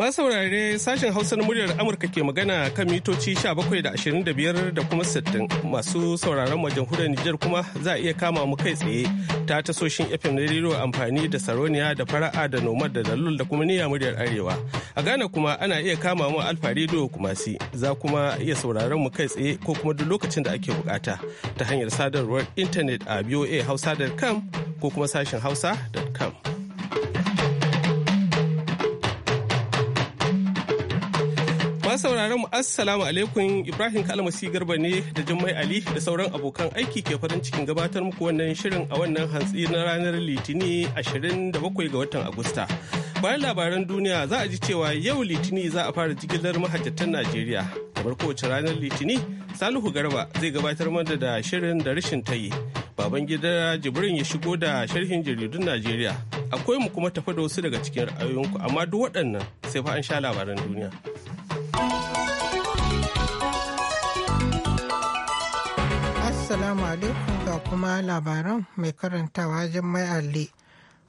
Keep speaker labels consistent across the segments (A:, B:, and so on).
A: Masu saurare sashen Hausa na muryar Amurka ke magana kan mitoci 17 da 25 da kuma 60 masu sauraron wajen jamhuriyar Nijar kuma za a iya kama mu kai tsaye ta tasoshin FM na rediyo amfani da Saroniya da Fara'a da Nomad da Dalul da kuma Niyya muryar Arewa. A Ghana kuma ana iya kama mu Alfa Radio kuma si za kuma iya sauraron mu kai tsaye ko kuma duk lokacin da ake bukata ta hanyar sadarwar intanet a voahausa.com ko kuma sashen hausa.com. sauraron mu assalamu alaikum Ibrahim Kalmasi Garba ne da Jummai Ali da sauran abokan aiki ke farin cikin gabatar muku wannan shirin a wannan hantsi na ranar Litini 27 ga watan Agusta. Bayan labaran duniya za a ji cewa yau Litini za a fara jigilar mahajjatan Najeriya. Kamar kowace ranar Litini, Salihu Garba zai gabatar mana da shirin da rashin yi. Baban gida Jibrin ya shigo da sharhin jaridun Najeriya. Akwai mu kuma tafi da wasu daga cikin ra'ayoyinku amma duk waɗannan sai fa an sha labaran duniya.
B: kuma labaran mai karantawa Jummai alli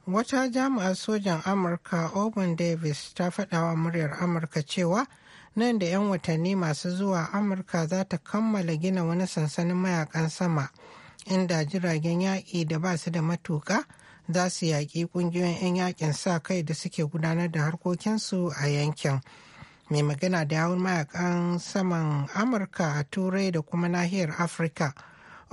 B: wata jami'a sojan amurka oban davis ta faɗawa muryar amurka cewa nan da 'yan watanni masu zuwa amurka za ta kammala gina wani sansanin mayakan sama inda jiragen yaƙi da ba su da matuƙa za su yaƙi ƙungiyoyin 'yan yaƙin sa kai da suke gudanar da harkokinsu a yankin mai magana da yawun mayakan saman amurka a turai da kuma nahiyar afirka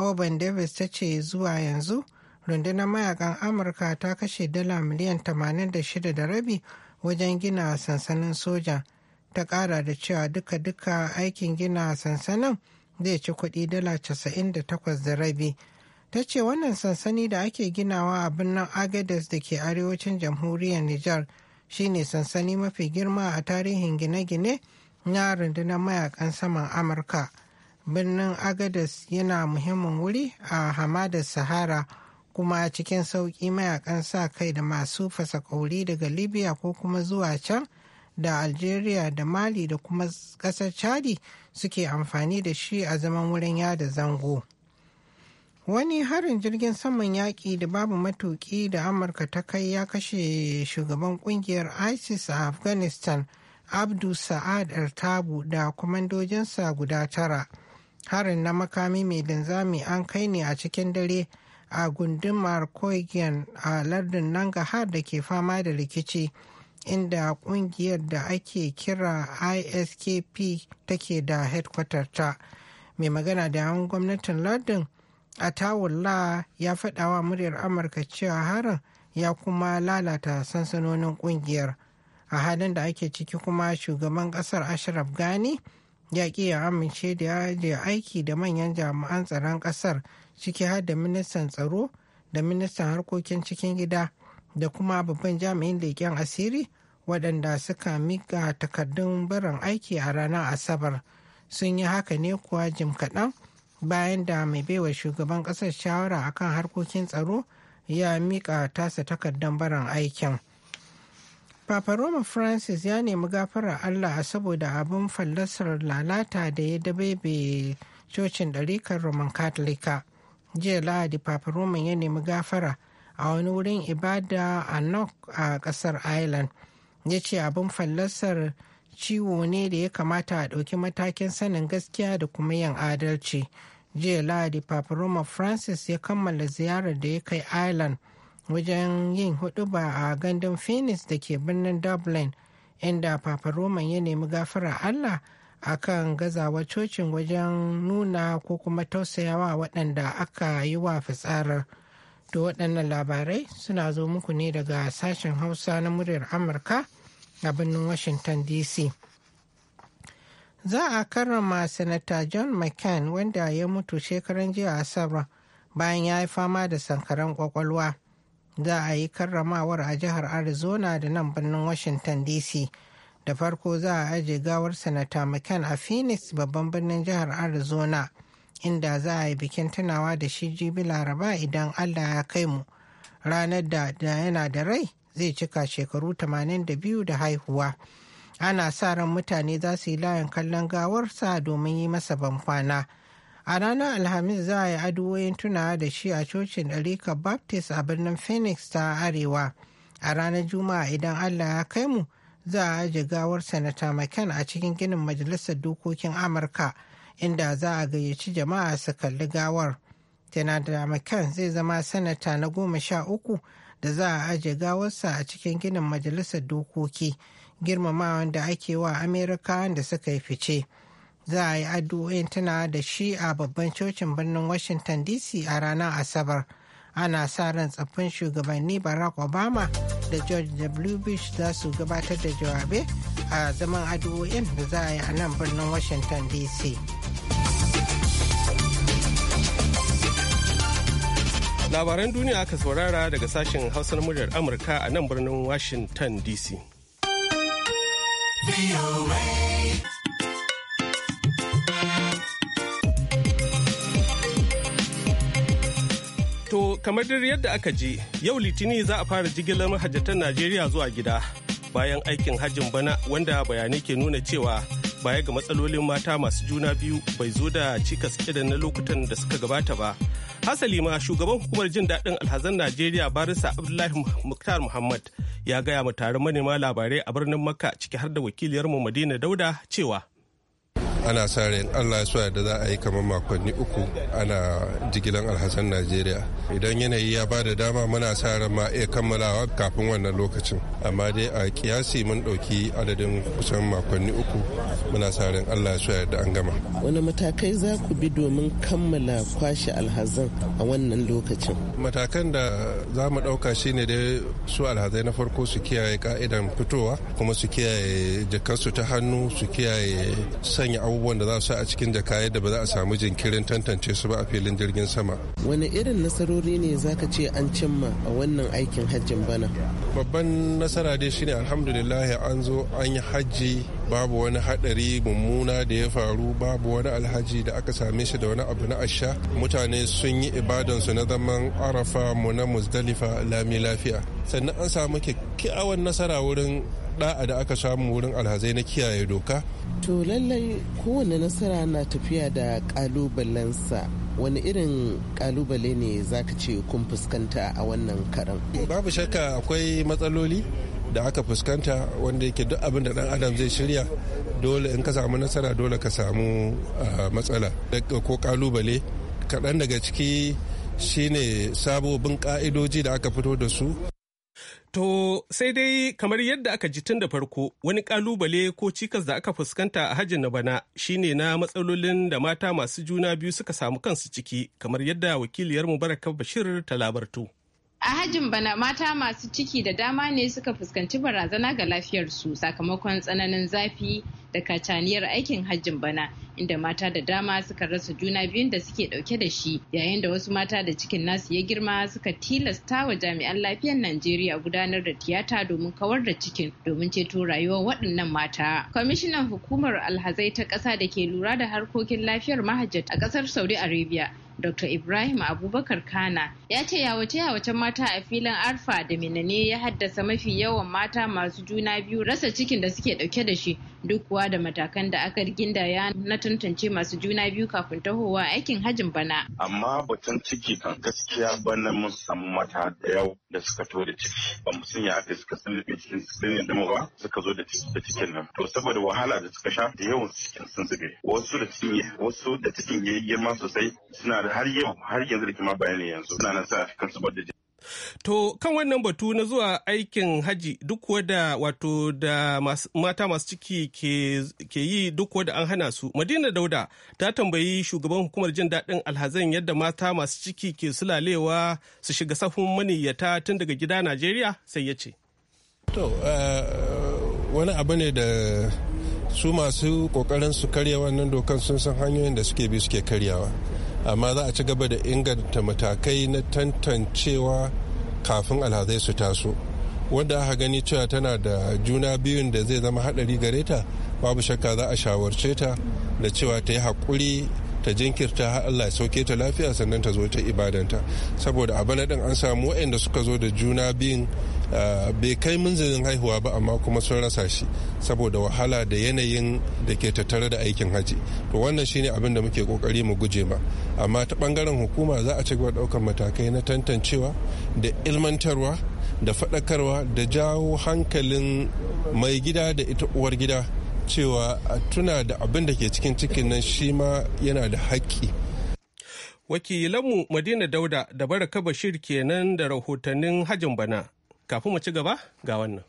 B: Oban Davis ta ce zuwa yanzu rundunar mayakan Amurka ta kashe dala miliyan 86 da rabi wajen gina sansanin soja. Ta ƙara da cewa duka-duka aikin gina sansanin zai ci kuɗi dala 98 da rabi. Ta ce wannan sansani da ake ginawa a birnin Agadez da ke arewacin jamhuriyar Nijar shi ne sansani mafi girma a tarihin gine-gine na rundunar mayakan saman Amurka. birnin agadas yana muhimmin wuri a hamadar sahara kuma cikin sauƙi mayakan sa kai da masu fasa ƙauri daga libya ko kuma zuwa can da algeria da mali da kuma ƙasar chadi suke amfani da shi a zaman wurin yada zango wani harin jirgin saman yaƙi da babu matuƙi da amurka ta kai ya kashe shugaban ƙungiyar isis a afghanistan abdu sa'ad artabu da kwamandojinsa guda tara harin na makami mai linzami an kai ne a cikin dare a gundumar koigiyan a lardin har da ke fama da rikici inda kungiyar da ake kira iskp take da headquarter ta mai magana da yawun gwamnatin lardin a tawulla ya faɗa wa muryar amurka cewa harin ya kuma lalata sansanonin kungiyar a halin da ake ciki kuma shugaban ƙasar ashraf gani ya ki ya amince da ya aiki da manyan jami'an tsaron kasar ciki har da ministan tsaro da ministan harkokin cikin gida da kuma babban jami'in leƙen asiri waɗanda suka miƙa takardun barin aiki a ranar asabar sun yi haka ne kuwa jim kaɗan bayan da mai baiwa shugaban ƙasar shawara akan harkokin tsaro ya miƙa tasa takardun barin aikin Papa Roma Francis ya nemi gafara Allah saboda abin fallasar lalata da ya dabebe cocin ɗarikar Roman Katolika. Jiya Lahadi Papa Roman ya nemi gafara a wani wurin ibada a Nok a ƙasar Ireland. Ya ce abin fallasar ciwo ne da ya kamata a ɗauki matakin sanin gaskiya da kuma yin adalci. Jiya Lahadi Papa Roma Francis ya kammala ziyarar da ya kai Ireland. wajen yin huɗuba a gandun phoenix da ke birnin dublin inda papa roman ya nemi gafara allah a kan gazawa cocin wajen nuna ko kuma tausayawa waɗanda aka yi wa fitsarar to waɗannan labarai suna zo muku ne daga sashen hausa na muryar amurka a birnin washington dc za a karrama sanata john mccain wanda ya mutu shekaran jiya asabar bayan ya yi fama da sankaran kwakwalwa. za a yi karramawar a jihar arizona da nan birnin washington dc da farko za a aje gawar sanata mccain a phoenix babban birnin jihar arizona inda za a yi bikin tunawa da shi jibi laraba idan allah ya kai mu ranar da yana da rai zai cika shekaru 82 da haihuwa ana sa ran mutane za su yi layin kallon gawarsa domin yi masa bankwana a ranar alhamis za a yi addu'o'in tunawa da shi a cocin ɗarika baptist a birnin phoenix ta arewa a ranar juma'a idan allah ya kai mu za a aje gawar sanata mccain a cikin ginin majalisar dokokin amurka inda za a gayyaci jama'a su kalli gawar da mccain zai zama sanata na goma sha uku da za a aje gawarsa a cikin ginin majalisar dokoki girmamawan da ake wa amerika da suka yi fice. za a yi addu'o'in tana da shi a babban cocin birnin washington dc a ranar asabar ana sa ran tsaffin shugabanni barack obama da george w bush za su gabatar da jawabe a zaman addu'o'in da za a yi a nan birnin washington dc
A: labaran duniya aka saurara daga sashen hausar muryar amurka a nan birnin washington dc To kamar dare yadda aka je yau litini za a fara jigilar mahajjatan Najeriya zuwa gida bayan aikin hajjin bana wanda bayanai ke nuna cewa baya ga matsalolin mata masu juna biyu bai zo da cikas da na lokutan da suka gabata ba. Hasali ma shugaban hukumar jin daɗin alhazan Najeriya barisa Abdullahi Muktar Muhammad ya gaya ma taron manema labarai a birnin Makka ciki har da wakiliyarmu Madina Dauda cewa
C: ana sa ran allah ya da za a yi kamar makonni uku ana jigilan alhazan najeriya idan yanayi ya bada dama muna sa ran ma iya kammalawa kafin wannan lokacin amma dai a kiyasi mun ɗauki adadin kusan makonni uku muna sa ran allah ya da an gama
D: wani matakai za ku bi domin kammala kwashe alhazan a wannan lokacin
C: matakan da za mu ɗauka shine dai su alhazai na farko su kiyaye ka'idan fitowa kuma su kiyaye jakarsu ta hannu su kiyaye sanya abubuwa abubuwan da za su a cikin jaka yadda ba za a samu jinkirin tantance su ba a filin jirgin sama. Wani irin nasarori ne zaka ce an cimma a wannan aikin hajjin bana? Babban nasara dai shine alhamdulillah an zo an yi hajji babu wani hadari mummuna da ya faru babu wani alhaji da aka same shi da wani abu na asha mutane sun yi su na zaman arafa mu na muzdalifa lami lafiya sannan an samu kyakkyawan nasara wurin da'a da aka samu wurin alhazai na kiyaye doka
D: To lallai kowane nasara na tafiya da ƙalubalensa wani irin kalubale ne za ka ce kun fuskanta a wannan karan
C: babu shakka akwai matsaloli da aka fuskanta wanda yake duk abin da dan adam zai shirya dole in ka samu nasara dole ka samu ah, matsala ko kalubale kaɗan daga ciki shine sabobin ka'idoji da aka fito da su
A: To sai dai kamar yadda aka ji tun da farko wani kalubale ko cikas da aka fuskanta a hajjin na bana shine na matsalolin da mata masu juna biyu suka samu kansu ciki kamar yadda wakiliyar Mubarakar Bashir ta labartu.
B: A hajjin bana mata masu ciki da dama ne suka fuskanci barazana ga lafiyarsu sakamakon tsananin zafi da kacaniyar aikin hajjin bana inda mata da dama suka rasa juna biyun da suke dauke da shi yayin da wasu mata da cikin nasu ya girma suka tilasta wa jami'an lafiyar Najeriya gudanar da tiyata domin kawar da cikin domin ceto rayuwar waɗannan mata. Kwamishinan hukumar alhazai ta ƙasa da ke lura da harkokin lafiyar mahajjata a ƙasar Saudi Arabia Dr. Ibrahim Abubakar Kana ya ce yawace-yawacen mata a filin Arfa da Minane ya haddasa mafi yawan mata masu juna biyu rasa cikin da suke dauke da shi duk kuwa da matakan da aka ya na tantance masu juna biyu kafin tahowa aikin hajin bana. Amma batun ciki kan gaskiya
E: bana mun samu mata da yau da suka to da ciki ba mu sun yi suka da cikin sun dama ba suka zo da cikin nan to saboda wahala da suka sha da yawan cikin sun zube wasu da cikin wasu da cikin girma sosai suna da har yau har yanzu da kima bayani yanzu na nan
A: kan su da To kan wannan batu na zuwa aikin haji duk wadda wato da mata masu ciki ke yi duk wadda an hana su. Madina Dauda ta tambayi shugaban hukumar jin daɗin alhazan yadda mata masu ciki ke sulalewa su shiga safin maniyyata tun daga gida Najeriya sai ya ce.
C: To eh, wani abu ne da su masu kokarin su karya wannan dokan sun san hanyoyin da suke bi suke karyawa. amma za a ci gaba da inganta matakai na tantancewa kafin alhazai su taso wanda aka gani cewa tana da juna biyun da zai zama haɗari gare ta babu shakka za a shawarce ta da cewa ta yi haƙuri ta jinkirta har Allah sauke ta lafiya sannan ta zo ta ibadanta saboda a bana din an samu waɗanda suka zo da juna biyun Eh, bai kai munzalin haihuwa ba amma kuma sun rasa shi saboda wahala da yanayin da ke tattare da aikin hajji to wannan shine abin da muke kokari mu guje ma amma ta bangaren hukuma za a ci gaba daukar matakai na tantancewa da ilmantarwa da faɗakarwa da jawo hankalin mai gida da ita uwar gida cewa tuna da abin da ke cikin cikin nan shi ma yana da haƙƙi.
A: Wakilanmu Madina Dauda da Baraka Bashir kenan da rahotannin hajin bana Kafin mu ci gaba ga wannan.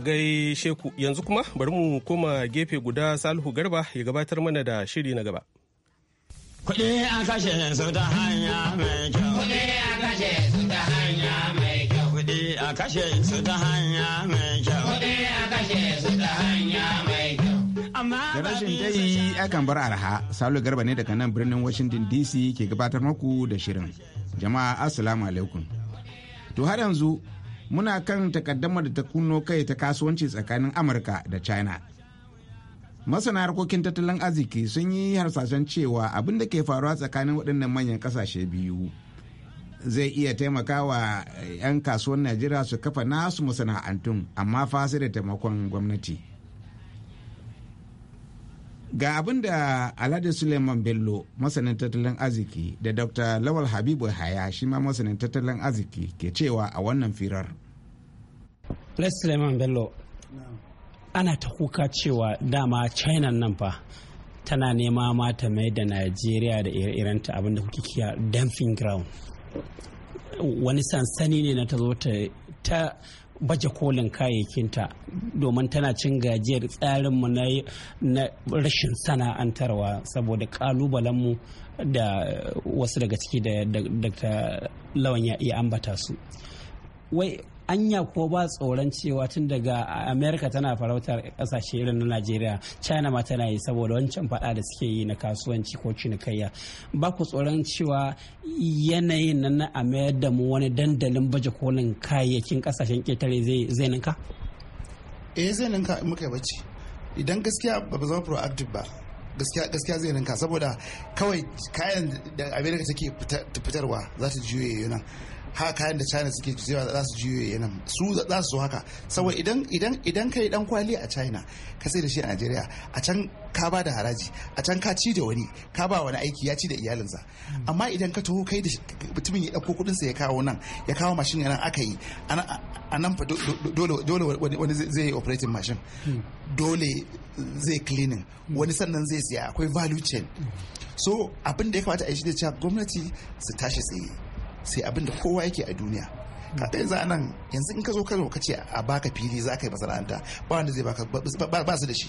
A: gai sheku yanzu kuma bari mu koma gefe guda Salihu Garba ya gabatar mana da shiri na gaba.
F: Kuɗi a kashe su ta hanya mai kyau. Kuɗi a kashe su ta hanya mai kyau. Kuɗi a kashe su ta hanya mai kyau. Kuɗi a kashe su ta hanya mai kyau. Da rashin
G: akan bar arha, Salo Garba ne daga nan birnin Washington DC ke gabatar maku da shirin. Jama'a Assalamu alaikum. To har yanzu muna kan takaddamar da ta kuno kai ta kasuwanci tsakanin amurka da china masana harkokin tattalin arziki sun yi harsashen cewa abin da ke faruwa tsakanin waɗannan manyan ƙasashe biyu zai iya taimaka wa eh, 'yan kasuwan najeriya su kafa nasu masana'antun amma fa sai da taimakon gwamnati ga abin da alhaji suleiman bello masanin tattalin arziki da dr lawal habibu haya shi ma masanin tattalin arziki ke cewa a wannan firar
F: suleiman bello ana ta kuka cewa dama china nan fa tana nema ma mai da najeriya da ire-irenta abin da kuke kiya dumping ground wani sansani ne na ta zo ta baje kolin kayayyakinta domin tana cin gajiyar tsarinmu na rashin sana'antarwa saboda kalubalenmu da wasu daga ciki da dr lawan ya iya ambata su anya ko ba tsoron cewa tun daga Amerika tana farautar kasashe irin na najeriya china ma tana yi saboda wancan fada da suke yi na kasuwanci ko cinikayya ba ku tsoron cewa yanayin nan na a mayar da mu wani dandalin baje kolin kayayyakin kasashen ketare zai ninka eh zai ninka muka yi bacci idan
D: gaskiya ba zama proactive ba gaskiya zai ninka saboda kawai kayan da amerika take fitarwa za ta juye yunan haka kayan da china suke cewa za su juyo nan su za su haka saboda idan idan idan yi dan kwali a china ka sai da shi a najeriya a can ka ba da haraji a can ka ci da wani ka ba wani aiki ya ci da iyalinsa amma idan ka taho kai da mutumin ya dauko kudin sa ya kawo nan ya kawo mashin nan aka yi a nan fa dole wani zai yi operating mashin dole zai cleaning wani sannan zai siya akwai value chain so abin da ya kamata a yi shi da cewa gwamnati su tashi tsaye sai abin da kowa yake a duniya ka yanzu a nan yanzu in ka zo kano ka ce a baka fili za ka yi masana'anta ba wanda zai baka ba su da shi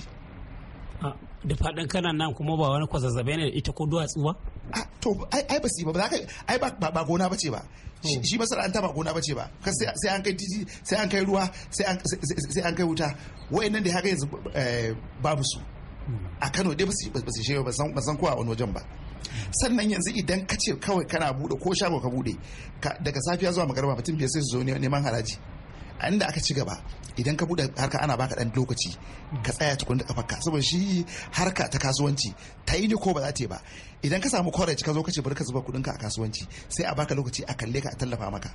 F: da faɗin kanan nan kuma ba wani kwazazzabe ne da ita ko duwatsu ba to
D: ai ba su yi ba ai ba gona ba ce ba oh. shi masana'anta ba gona ba ce ba sai an kai titi sai an kai ruwa sai an kai wuta wa'in nan da haka yanzu eh, babu su hmm. a kano dai ba su shi ba san kowa wani wajen ba sannan yanzu idan ka ce kawai kana bude ko shago ka bude daga safiya zuwa magarba mutum biyar sai su zo neman haraji a inda aka ci gaba idan ka bude harka ana baka dan lokaci ka tsaya tukun da kafarka saboda shi harka ta kasuwanci ta yi ko ba za ta yi ba idan ka samu kwarai ka zo ka ce bari ka zuba kudin ka a kasuwanci sai a baka lokaci a kalle ka a tallafa maka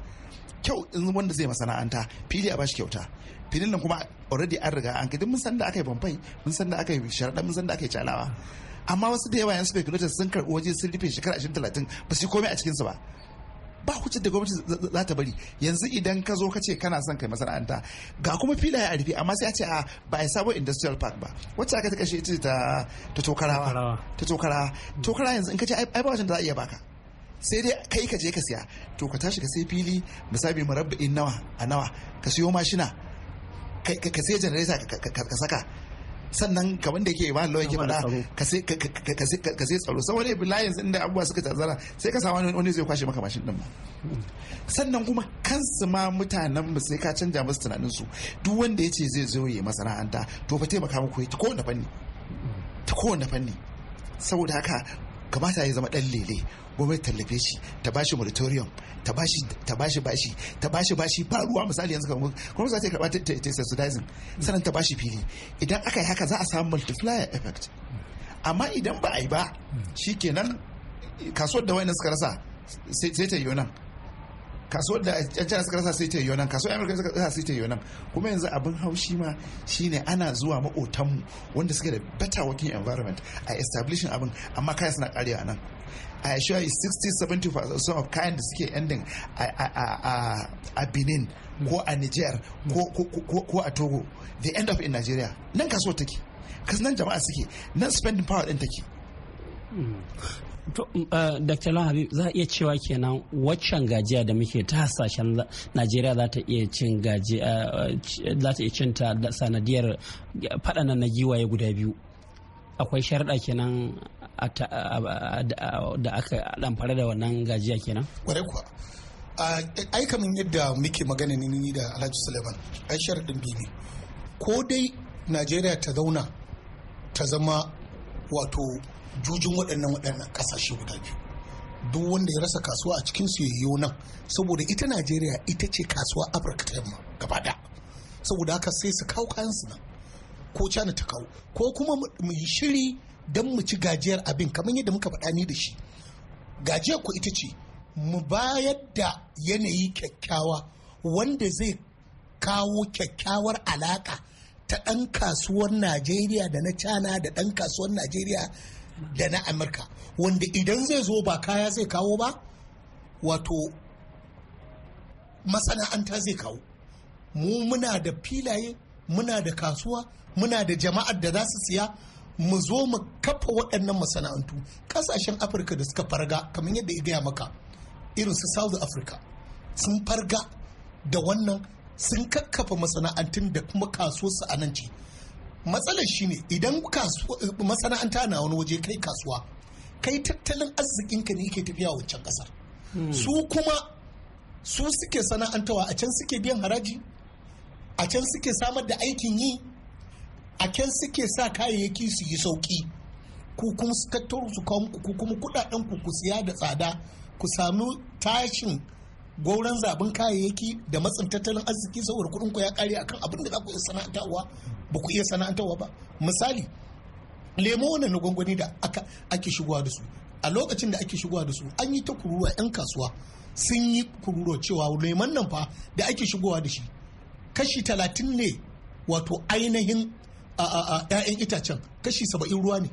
D: kyau in wanda zai masana'anta fili a bashi kyauta filin nan kuma already an riga an kai duk mun san da aka yi bamfai mun san da aka yi sharaɗa mun san da aka yi calawa amma wasu da yawa yan speculators sun karɓi waje sun rufe shekara ashirin talatin ba su yi komai a cikinsu ba ba hujjar da gwamnati za ta bari yanzu idan ka zo ka ce kana son kai masana'anta ga kuma filaye a rufe amma sai a ce a ba a sabon industrial park ba wacce aka ta kashe ita ta ta tokarawa ta tokarawa tokara yanzu in ka ce ai ba wajen da za a iya baka sai dai kai ka je ka siya to ka tashi ka sai fili misali murabba'in nawa a nawa ka siyo mashina ka sai janareta ka saka sannan ka da yake ba lawyer yake faɗa ka sai ka sai tsaro saboda ibi inda abubuwa suka tazara sai ka samu wani zai kwashe maka mashin din ma sannan kuma kansu ma mutanen mu sai ka canja musu tunanin su duk wanda ya ce zai zo ya masana'anta to fa taimaka muku ta wanda fanni ta wanda fanni saboda haka kamata ya zama dan lele gwamnati tallafe shi ta bashi moratorium ta bashi ta bashi bashi ta bashi bashi ba ruwa misali yanzu kamar kuma za ta karba ta subsidizing sannan ta bashi fili idan aka yi haka za a samu multiplier effect amma idan ba a yi ba shikenan kasuwar da wayannan suka rasa sai ta yi nan kasuwar da yan china suka rasa sai ta yonan kasuwar amurka suka rasa sai ta yonan kuma yanzu abin haushi ma shine ana zuwa ma'otanmu wanda suke da better working environment a establishing abin amma kayan suna karewa nan a a yi 60 70% of kayan da suke ending a benin ko a niger ko a togo the end of in nigeria nan kasuwar take kasu nan jama'a suke nan spending power din take
F: hmm. Eh, Dr. Lahabi za a iya cewa kenan waccan gajiya da muke ta hasashen Najeriya za ta iya cin eh, eh, za ta iya cinta sanadiyar faɗanan na giwaye guda biyu. Akwai sharaɗa kenan da aka ɗamfara da wannan gajiya kenan?
H: Kwarai kuwa. Ai yadda muke magana ni da Alhaji Suleiman, ai sharaɗin biyu ne. Ko dai Najeriya ta zauna ta zama wato jujin waɗannan waɗannan ƙasashe guda biyu duk wanda ya rasa kasuwa a cikin su yayyo nan saboda ita najeriya ita ce kasuwa afirka ta yamma gaba saboda haka sai su kawo kayan su nan ko cana ta kawo ko kuma mu yi shiri don mu ci gajiyar abin kamar yadda muka faɗa ni da shi gajiyar ku ita ce mu bayar da yanayi kyakkyawa wanda zai kawo kyakkyawar alaka ta ɗan kasuwar najeriya da na cana da ɗan kasuwar najeriya da na amurka wanda idan zai zo ba kaya zai kawo ba wato masana'anta zai kawo mu muna da filaye muna da kasuwa muna da jama'ar da za su siya mu zo mu kafa waɗannan masana'antu ƙasashen afirka da suka farga kamar yadda ya gaya maka irin su south africa sun farga da wannan sun kakkafa masana'antun da kuma kasuwarsu a nan ce matsalar shine idan masana'anta na wani waje kai kasuwa kai tattalin arzikinka ne yake tafiya wancan kasar hmm. su kuma su suke sana'antawa a can suke biyan haraji a can suke samar da aikin yi a can suke sa kayayyaki su yi sauki ku kuma su tattaro su ku kuma kudaden ku siya da tsada ku sami tashin gwauran zaben kayayyaki da matsin tattalin arziki saboda kuɗin ku ya kare akan abin da za ku iya sana'antawa ba ku iya sana'antawa ba misali lemo wannan na gwangwani da ake shigowa da su a lokacin da ake shigowa da su an yi ta kururuwa 'yan kasuwa sun yi kururuwa cewa leman nan fa da ake shigowa da shi kashi talatin ne wato ainihin 'ya'yan itacen kashi saba'in ruwa ne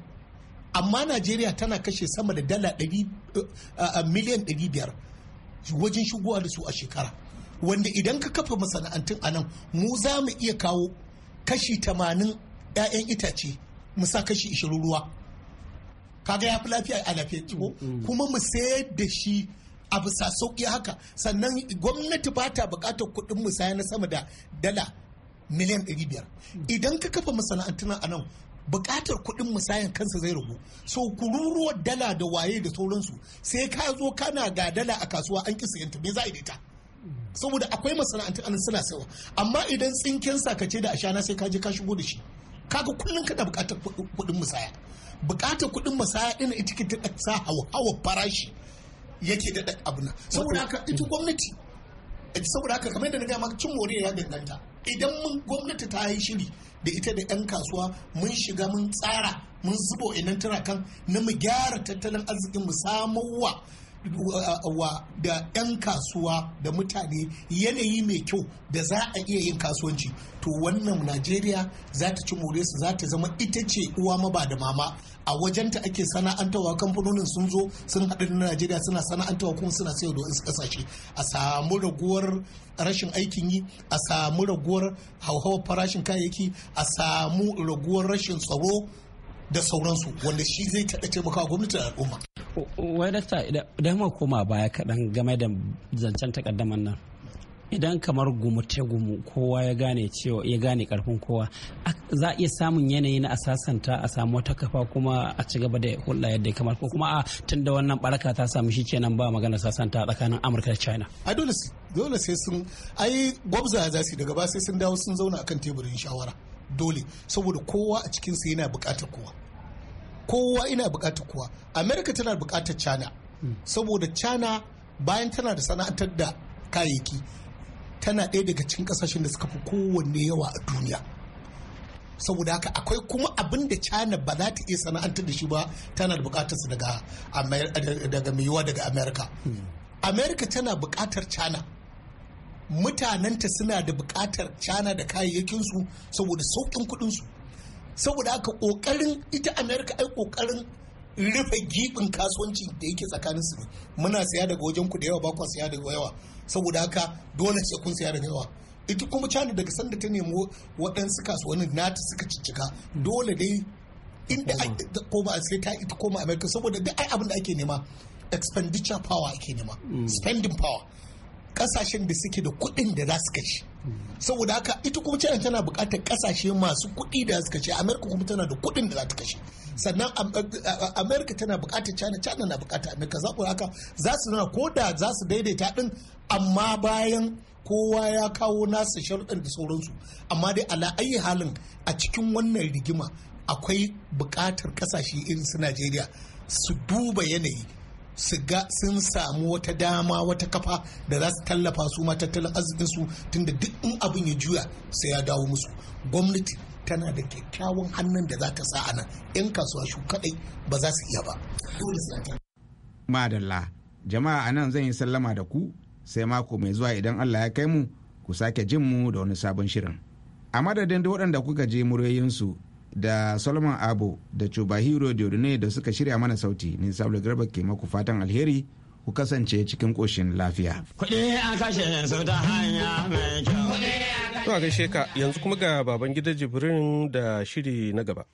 H: amma najeriya tana kashe sama da dala eh, miliyan biyar. wajen shigowa da su a shekara wanda idan ka kafa masana'antun a nan mu za mu iya kawo kashi tamanin 'ya'yan itace mu sa kashi ishirin ruwa kaga ya fi lafiya a lafiya ko mm-hmm. kuma mu sayar da shi a bisa sauƙi haka sannan gwamnati ba ta buƙatar kuɗin musaya na sama da dala miliyan 500 mm. idan ka kafa masana'antun a nan bukatar kuɗin musayan kansa zai ragu so kururuwar dala da waye da sauransu sai ka zo kana ga dala a kasuwa an kisa yanta me za a ita saboda akwai masana'antu anan suna saiwa amma idan tsinken sakace da ashana sai ka je ka shigo da shi kaga kullum kana bukatar kuɗin musaya bukatar kuɗin musaya ina ita ke da sa hawa farashi yake da abuna saboda haka ita gwamnati saboda haka kamar yadda na gaya maka cin moriya ya danganta idan mun gwamnati ta yi shiri da ita da 'yan kasuwa mun shiga mun tsara mun zubo inan kan na mu gyara tattalin arzikin mu samo wa da 'yan kasuwa da mutane yanayi mai kyau da za a iya yin kasuwanci to wannan najeriya za ta ci more su za ta zama ita ce uwa maba da mama a wajenta ake sana'antawa kamfanonin sun zo sun haɗu na najeriya suna sana'antawa kuma suna sayar da wasu ƙasashe a samu raguwar rashin aikin yi a samu raguwar hauhawar farashin kayayyaki a samu raguwar rashin tsaro da sauransu wanda shi zai taɓa taimakawa gwamnatin al'umma
F: wai dakta idan mu koma baya kaɗan game da zancen takaddaman nan idan kamar gumute gumu kowa ya gane cewa ya gane karfin kowa za a iya samun yanayi na asasanta a samu wata kafa kuma a ci gaba da hulɗa yadda ya kamar ko kuma a tun da wannan baraka ta samu shi kenan ba magana sasanta tsakanin amurka da china
H: a dole sai sun ai gwabza za su daga ba sai sun dawo sun zauna akan teburin shawara dole saboda kowa a su yana bukatar kowa kowa ina bukatar kowa america tana bukatar china hmm. saboda china bayan tana da sana'antar da kayayyaki tana ɗaya daga cikin kasashen da suka fi kowanne yawa a duniya saboda haka akwai kuma abin da china ba za ta iya sana'antar da shi ba tana da bukatar su daga daga daga america hmm. america tana bukatar china mutanenta suna da bukatar china da kayayyakinsu saboda sauƙin kuɗinsu saboda haka kokarin ita america ai kokarin rufe gibin kasuwanci da yake tsakanin su ne muna siya daga wajen ku da yawa bakwa siya daga yawa saboda haka dole sai kun siya daga yawa ita kuma cani daga sanda ta nemo waɗansu kasuwannin nata suka ciccika dole dai inda hmm. koma a sai ta ita koma america saboda duk ai abin da ake nema expenditure power ake nema hmm. spending power kasashen da suke da kuɗin da za su kashe saboda haka ita kuma china tana buƙatar kasashe masu kuɗi da za su kashe amerika kuma tana da kuɗin da za ta kashe sannan amerika tana buƙatar china china na buƙatar amerika saboda haka za su nuna ko da za su daidaita ɗin amma bayan kowa ya kawo nasu sharuɗan da sauransu amma dai ala ayi halin a cikin wannan rigima akwai buƙatar kasashe irin su najeriya su duba yanayi su ga sun samu wata dama wata kafa da za su tallafa su ma tattalin arzikinsu tunda duk in abin ya juya sai ya dawo musu gwamnati tana da kyakkyawan hannun da za ta sa a nan 'yan kasuwa su kadai
G: ba za su iya ba madalla jama'a a nan zan yi sallama da ku sai mako mai zuwa idan allah ya kai mu ku sake jin mu da wani sabon shirin a madadin da waɗanda kuka je muryoyinsu da solomon abu da chubahiro diodune da suka shirya mana sauti ne sabu garba ke maku fatan alheri ku kasance cikin koshin lafiya.
F: Kuɗi a kashe To
A: a gaishe yanzu kuma ga baban gida jibrin da shiri na gaba.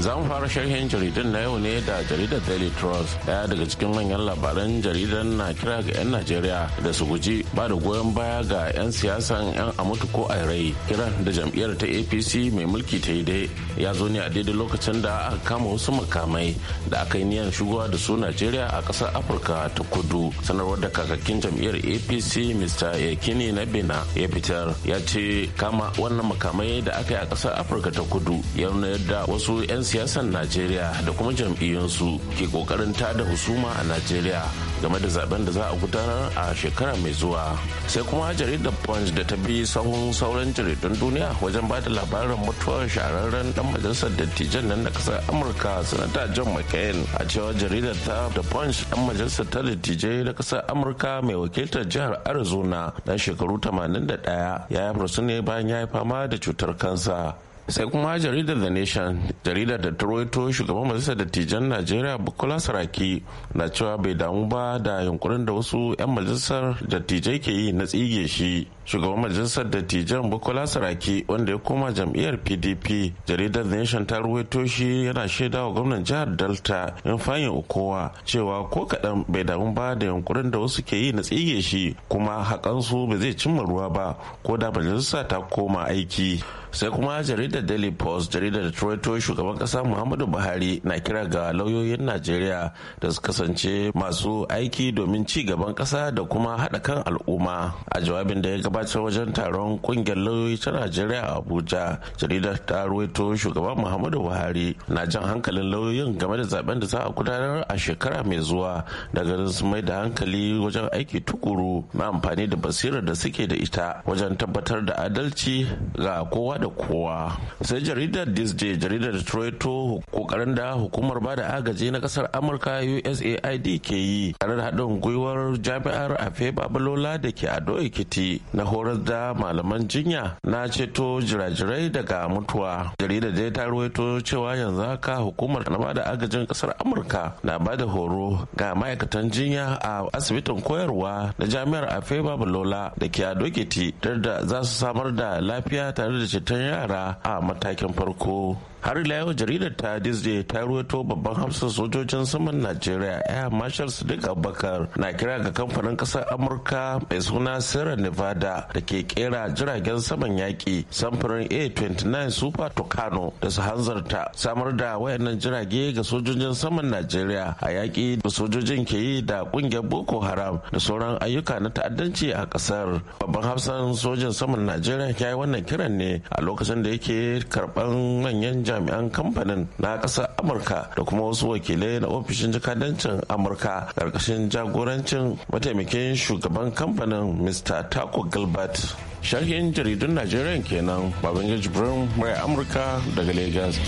E: Za mu fara sharhin jaridan na yau ne da jaridar Daily Trust daya daga cikin manyan labaran jaridar na kira ga 'yan Najeriya da su guji ba da goyon baya ga 'yan siyasan 'yan amutu ko a rai kiran da jam'iyyar ta APC mai mulki ta yi dai ya zo ne a daidai lokacin da aka kama wasu makamai da aka yi niyan shigowa da su Najeriya a kasar Afirka ta kudu sanarwar da kakakin jam'iyyar APC Mr. Yakini na Bena ya fitar ya ce kama wannan makamai da aka yi a kasar Afirka ta kudu ya nuna yadda wasu 'yan siyasar najeriya da kuma jam'iyyunsu ke kokarin tada husuma a najeriya game da zaben da za a gudanar a shekara mai zuwa sai kuma jaridar punch da ta bi sahun sauran jaridun duniya wajen ba da labarin mutuwar shahararren dan majalisar dattijan nan na kasar amurka sanata john mccain a cewar jaridar ta da punch dan majalisar ta dattijai na kasar amurka mai wakiltar jihar arizona na shekaru 81 ya yi ne bayan ya yi fama da cutar kansa sai kuma jaridar the nation jaridar da taroito shugaban majalisar dattijan najeriya bukola saraki na cewa bai damu ba da yunkurin da wasu 'yan majalisar dattijai ke yi na tsige shi shugaban majalisar dattijan bukola saraki wanda ya koma jam'iyyar pdp jaridar nation ta ruwaito shi yana shaida wa gwamnan jihar delta in fayin ukowa cewa ko kaɗan bai damu ba da yankurin da wasu ke yi na tsige shi kuma haƙansu ba zai cimma ruwa ba ko da majalisa ta koma aiki sai kuma jaridar daily post jaridar da shugaban kasa muhammadu buhari na kira ga lauyoyin najeriya da su kasance masu aiki domin ci gaban kasa da kuma haɗa kan al'umma a jawabin da ya gabata gabatar wajen taron kungiyar lauyoyi ta najeriya a abuja jaridar ta ruwaito shugaban muhammadu buhari na jan hankalin lauyoyin game da zaben da za a gudanar a shekara mai zuwa da ganin su mai da hankali wajen aiki tukuru na amfani da basirar da suke da ita wajen tabbatar da adalci ga kowa da kowa sai jaridar Day jaridar troito kokarin da hukumar bada agaji na kasar amurka usaid ke yi tare da haɗin gwiwar jami'ar afe babalola da ke ado ekiti na horar da malaman jinya na ceto jirajirai daga mutuwa jaridar da ta ruwaito cewa yanzu haka hukumar na bada agajin kasar amurka na bada horo ga ma'aikatan jinya a asibitin koyarwa na jami'ar afeba balola da ke a dokiti da za su samar da lafiya tare da ceton yara a matakin farko har ila yau jaridar ta disney ta ruwato babban Hafsa sojojin saman najeriya air marshal sadiq abubakar na kira ga kamfanin kasar amurka mai suna sierra nevada da ke kera jiragen saman yaƙi samfurin a29 super tucano da su hanzarta samar da wayannan jirage ga sojojin saman najeriya a yaƙi da sojojin ke yi da ƙungiyar boko haram da sauran ayyuka na ta'addanci a ƙasar babban hafsan sojin saman najeriya ya yi wannan kiran ne a lokacin da yake karɓan manyan jami'an kamfanin na ƙasar amurka da kuma wasu wakilai na ofishin jakadancin amurka ƙarƙashin jagorancin mataimakin shugaban kamfanin mr tako gilbert sharhin jaridun najeriya kenan babangida jibrin murai amurka daga lagos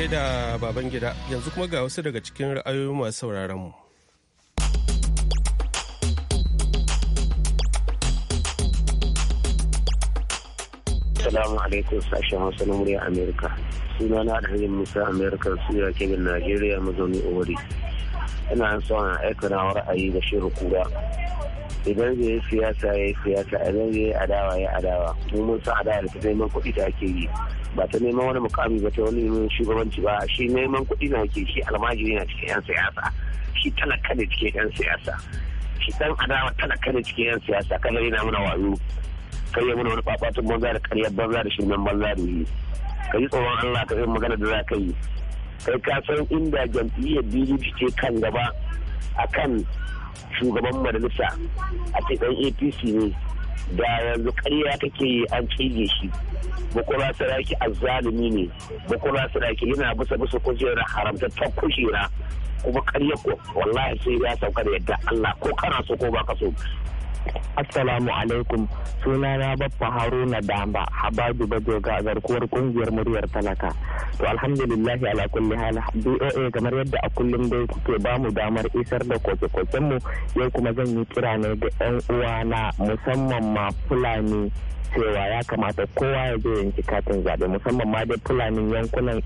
A: gaida baban gida yanzu kuma ga wasu daga cikin ra'ayoyin masu sauraron mu
I: Assalamu alaikum sashen Hausa na murya Amerika. Suna na da hanyar Musa Amerika ke kebin Najeriya mazauni Owari. Ina son aika na ra'ayi da shirin kura. Idan zai yi siyasa ya yi siyasa, idan zai yi adawa ya adawa. Mun mun san adawa da ta neman kuɗi ta ake yi. Ba ta neman wani mukami ba ta wani neman shugabanci ba. Shi neman kuɗi na ke shi almajiri na cikin 'yan siyasa. Shi talaka ne cikin 'yan siyasa. shi ɗan adawa talaka ne cikin yan siyasa kana yana muna wayo kai ya mana wani fafatun banza da karyar banza da shirmen banza da yi ka yi tsoron Allah ka yi magana da za ka yi kai ka san inda jam'iyyar BDP ce kan gaba a kan shugaban majalisa a cikin APC ne da yanzu karya kake yi an tsige shi bukura saraki azzalumi ne bukura saraki yana bisa bisa kujera kushe kujera kuma karya ko wallahi sai ya sauka da yadda Allah ko kana so ko baka so Assalamu alaikum sunana Baffa Haruna Damba Habaju ga garkuwar kungiyar muryar talaka. To alhamdulillahi ala kulli hal BOA kamar yadda a kullum dai kuke ba mu damar isar da koke-koken yau kuma zan yi kira ne ga 'yan uwa na musamman ma Fulani cewa ya kamata kowa ya zo yanki katin zaɓe musamman ma dai fulanin yankunan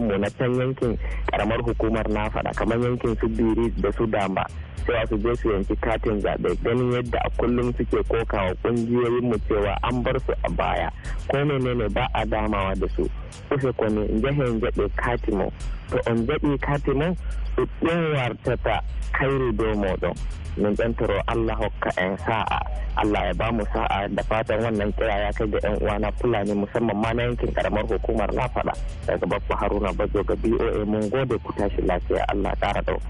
I: mu na can yankin karamar hukumar na faɗa kamar yankin su biri da su damba cewa su je su yanki katin zaɓe ganin yadda a kullum suke kokawa ƙungiyoyinmu cewa an bar su a baya ko menene ba a damawa da su use kone jahen jaɓe katimo to on jaɓi katimo ɗuɗɗum wartata kayri dow moɗon min ɓentoro allah hokka en sa'a allah ya bamu sa'a da fatan wannan kira ya kai da 'yan uwana fulani musamman ma na yankin karamar hukumar na faɗa daga babba haruna bazo ga boa mun gode ku tashi lafiya allah ƙara ɗau.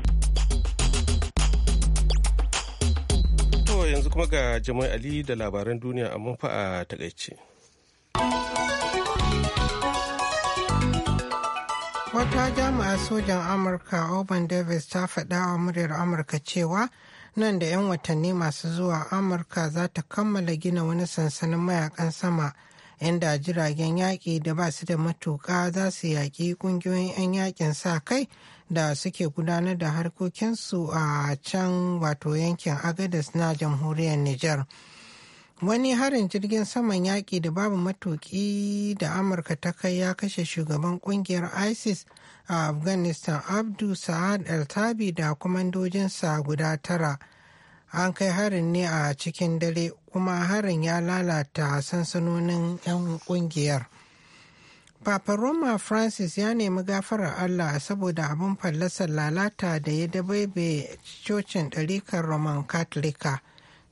A: to yanzu kuma ga jama'a ali da labaran duniya amma fa a takaice.
B: Wata jami'a sojan Amurka Oban Davis ta faɗa wa muryar Amurka cewa nan da 'yan watanni masu zuwa Amurka za ta kammala gina wani sansanin mayakan sama inda jiragen yaƙi da ba su da matuƙa za su yaƙi ƙungiyoyin 'yan yaƙin sa kai da suke gudanar da harkokinsu a can wato yankin Agadez na jamhuriyar Nijar. wani harin jirgin saman yaƙi da babu matuƙi da amurka ta kai ya kashe shugaban ƙungiyar isis a afghanistan abdu sa'ad al-tabi da kwamandojinsa guda tara an kai harin ne a cikin dare kuma harin ya lalata sansanonin 'yan ƙungiyar Papa Roma Francis ya nemi gafarar Allah saboda abin fallasar lalata da ya dabaibe cocin ɗarikar Roman Katolika.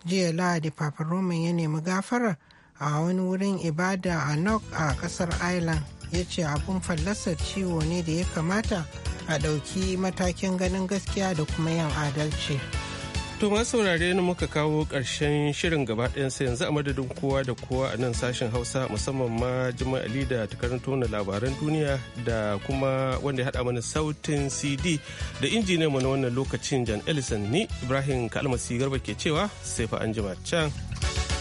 B: jiya lahadi papa roman ya nemi gafara a wani wurin ibada a nok a kasar ireland ya ce abun fallasar ciwo ne da ya kamata a ɗauki matakin ganin gaskiya da kuma yin adalci.
A: To ma saurare ni muka kawo ƙarshen shirin gaba sai yanzu a madadin kowa da kowa a nan sashen Hausa musamman ma Juma Ali da takaranto tona labaran duniya da kuma wanda ya haɗa mana sautin CD da injiniyan mu na wannan lokacin Jan Ellison ni Ibrahim Kalmasi Garba ke cewa sai fa an jima can.